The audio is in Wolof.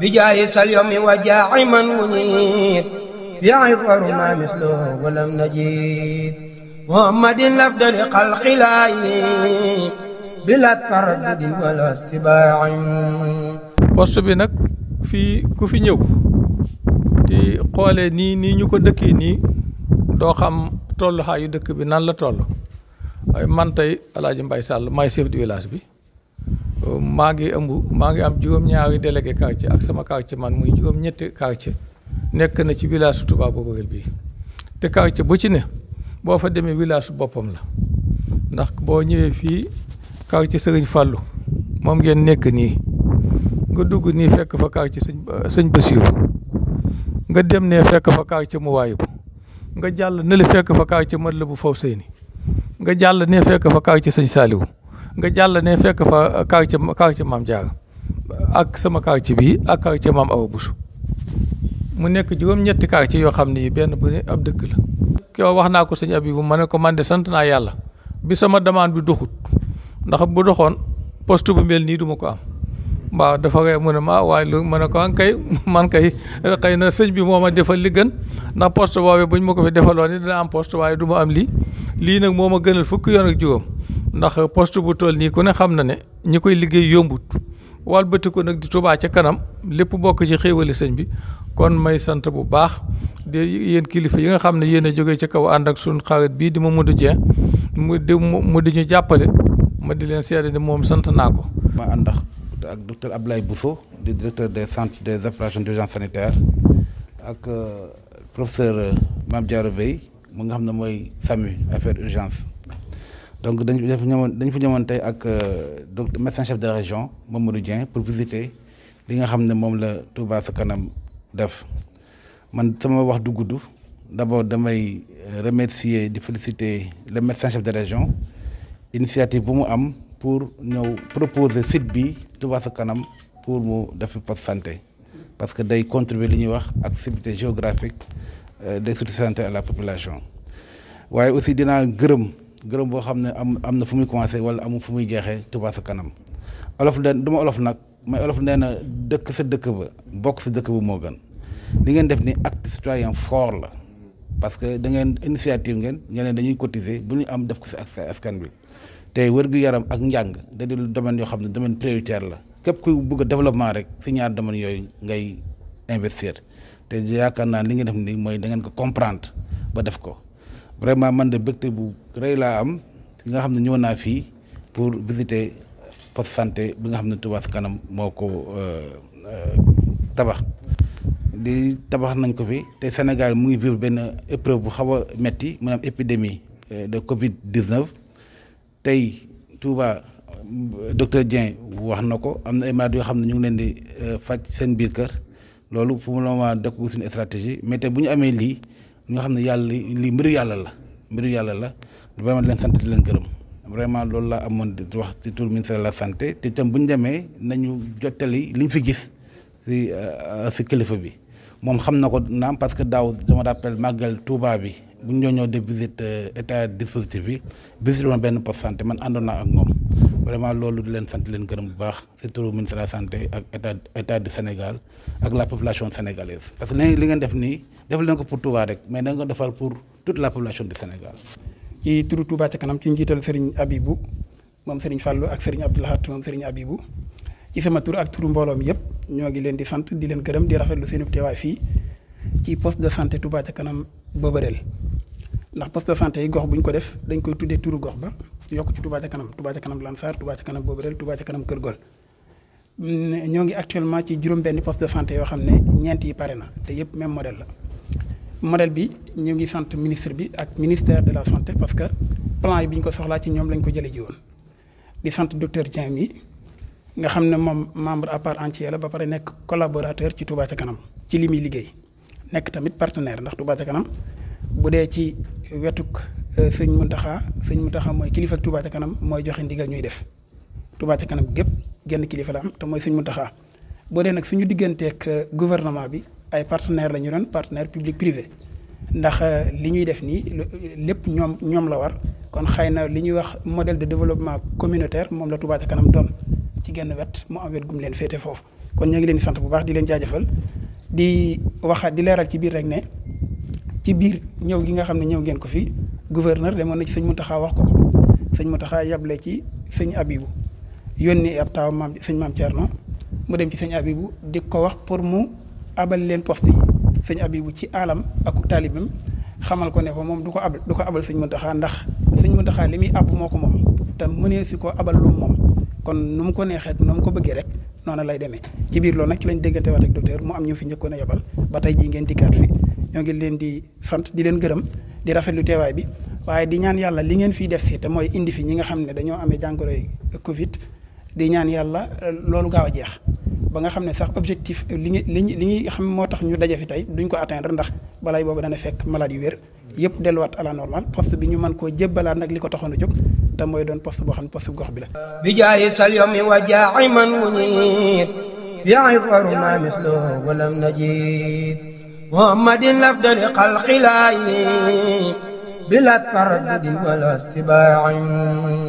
bijaayi sal yomi wa jaaxi man munit yaay waru maa mislo walam najid muhammadin afdali xalqi laayi bila taraddudin wala istibaain bi nag fii ku fi ñëw te xoolee nii nii ñu ko dëkkee nii doo xam tolluwaayu dëkk bi nan la toll waaye man tey Alaaji Sàll maay chef du village bi maa ngi ëmb maa ngi am juróom-ñaari délégué quartier ak sama quartier man muy juróom-ñetti quartier nekk na ci village su Touba Boborel bii te quartier bu ci ne boo fa demee village su boppam la ndax boo ñëwee fii quartier Serigne Fallou moom ngeen nekk nii nga dugg nii fekk fa quartier sëñ euh, sëñ nga dem ne fekk fa quartier mu waayibu nga jàll ne li fekk fa quartier Matlaboul Fawzayni nga jàll ne fekk fa quartier sëñ Saliou nga jàll ne fekk fa quartier quartier maam Diarra ak sama quartier bi ak quartier maam Awa Boussou mu nekk juróom-ñetti ci yoo xam ne benn bu ne ab dëkk la. koo wax naa ko sëñ Abibou ma ne ko man de sant naa yàlla bi sama demande bi doxut ndax bu doxoon post bu mel nii duma ko am waaw dafa koy mu ne ma ah, waaye lu ma ne ko an ah, kay man kay na sëñ bi moo ma defal li gën ndax poste boobee buñ ma ko fi defaloon ni dina am poste waaye du ma am lii lii nag moo a gënal fukki yoon ak juróom. ndax poste bu toll nii ku ne xam na ne ñi koy liggéey yombut walbati ko nag di Touba ca kanam lépp bokk ci xéewali sëñ bi kon may sant bu baax de yéen kilifa yi nga xam ne yéen a jógee ca kaw ànd ak suñu xarit bii di Mamadou Dieng mu di mu di ñu jàppale ma di leen seede ni moom sant naa ko. ma ànd ak docteur Abdoulaye Bousso di directeur des centres des opérations d'urgence sanitaire ak euh, professeur euh, Mame Diarra Beye mu nga xam ne mooy SAMU affaire urgence. donc dañu fa ñëwoon dañ fa ñëwoon tey ak euh, donc médecin chef de la moom Mamadou Dieng pour visiter li nga xam ne moom la Touba sa kanam def man sama wax du gudd d'abord damay euh, remercier di féliciter le médecin chef de région initiative bu mu am pour ñëw proposer site bi Touba sa kanam pour mu def poste santé parce que day contribuer li ñuy wax activité géographique euh, des structures santé à la population waaye aussi dinaa gërëm. gërëm boo xam ne am am na fu muy commencé wala amul fu muy jeexee Touba sa kanam olof den du olof nag may olof nee na dëkk sa dëkk ba bokk sa dëkk bu moo gën li ngeen def ni acte citoyen fort la parce que da ngeen initiative ngeen ñeneen dañuy cotiser bu ñu am def ko si askan bi te wér-gu-yaram ak njàng da di domaine yoo xam ne domaine prioritaire la képp kuy bugg développement rek si ñaar domaine yooyu ngay investir te yaakaar naa li ngeen def ni mooy da ngeen ko comprendre ba def ko vraiment man de bëgte bu rëy laa am ki nga xam ne ñëw naa fii pour visiter poste santé bi nga xam ne Touba Ca Kanam moo ko euh, euh, tabax di tabax nañ ko fi te Sénégal mu ngi vivre benn épreuve bu xaw a metti maanaam épidémie euh, de Covid 19 tey Touba docteur Dieng wax na ko am na ay malades yoo xam ne ñu ngi leen di faj seen biir kër loolu fu mu la ma dëkk suñu stratégie mais te bu ñu amee lii. ñoo xam ne yàlla lii mbiru yàlla la mbiru yàlla la vraiment di leen sant di leen gërëm vraiment loolu laa amoon di wax ci tur ministère de la santé te itam bu ñu demee nañu jottali liñ fi gis si si euh, kilifa bi moom xam na ko naam parce que daaw dama rappel màggal Touba bi bu ñu ñoo ñëw de visite euh, état dispositif bi visite woon benn poste santé man àndoon naa ak moom vraiment loolu di leen sant leen gërëm bu baax surtout ministre de la santé ak état état du Sénégal ak la population sénégalaise. parce que li ngeen def nii def leen ko pour Touba rek mais da nga ko defal pour toute la population du Sénégal. ci turu Touba ca kanam ci njiital Serigne Abibou moom Serigne Fallou ak Serigne Abdou Lahat moom Serigne Abibou ci sama tur ak turu mbooloo mi yëpp ñoo ngi leen di sant di leen gërëm di rafetlu seen teewaay fii ci poste de santé Touba ca kanam Boberel ndax poste de santé gox bu ñu ko def dañ koy tuddee turu gox ba. yokk ci Touba ca kanam Touba ca kanam Lansar Touba ca kanam Boberel Touba ca kanam Kër Gol mm, ñoo ngi actuellement ci juróom-benn poste de santé yoo xam ne ñeent yi pare na te yëpp même modèle la modèle bi ñu ngi sant ministre bi ak ministère de la santé parce que plan yi bi ñu ko soxlaa ci ñoom lañ ko jëlee ji woon di sant docteur Dieng mi nga xam ne moom membre à part entière la ba pare nekk collaborateur ci Touba ca kanam ci li muy liggéey nekk tamit partenaire ndax Touba kanam bu dee ci wetuk Euh, sëñ Muntaxa sëñ Muntaxa mooy kilifa ak Touba kanam mooy joxe ndigal ñuy def Touba ca kanam gépp genn kilifa am te mooy sëñ Muntaxa boo dee nag suñu digganteek euh, gouvernement bi ay partenaire la ñu doon partenaire public privé ndax euh, li ñuy def nii lépp ñoom ñoom la war kon xëy na li ñuy wax modèle de développement communautaire moom la Touba ca kanam doon ci genn wet mu am wet gum leen féete foofu kon ñu ngi leen sant bu baax di leen jaajëfal di waxaat di leeral ci biir rek ne ci biir ñëw gi nga xam ne ñëw ngeen ko fii gouverneur demoon na ci sëñ taxa wax ko ko sëñ Muntaxa yable ci sëñ Abibu yónni ab taaw maam sëñ maam Thierno mu dem ci sëñ Abibu dikk ko wax pour mu abal leen poste yi sëñ Abibu ci alam ak taalibam xamal ko ne ko moom du ko abal du ko abal sëñ Muntaxa ndax sëñ Muntaxa li muy àbb moo ko moom te mënee si ko abal lu moom kon nu mu ko neexee nu ko bëggee rek noonu lay demee ci biir loolu nag ci lañ déggante waat ak docteur mu am ñu fi njëkkoon a yabal ba tey jii ngeen dikkaat fi ñoo ngi leen di sant di leen gërëm di rafetlu teewaay bi waaye di ñaan yàlla li ngeen fiy def si te mooy indi fi ñi nga xam ne dañoo amee jàngoroy Covid di ñaan yàlla euh, loolu gaaw a jeex ba nga xam ne sax objectif euh, li nga li nga xam moo tax ñu daje fi tey duñ ko atteindre ndax balay boobu dana fekk malade yu wér yëpp delluwaat à la normale poste bi ñu man koo jébbalaat nag li ko taxoon a jóg te mooy doon poste boo xam ne poste gox bi la. محمد أفضل خلق الله بلا تردد ولا استباع